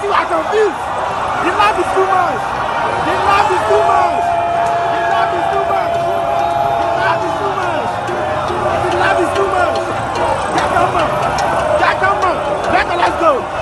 Sometimes you are confused. This life is too much. This life is too much. This life is too much. This life is too much. This on. Jack, come on. Jack, let's go.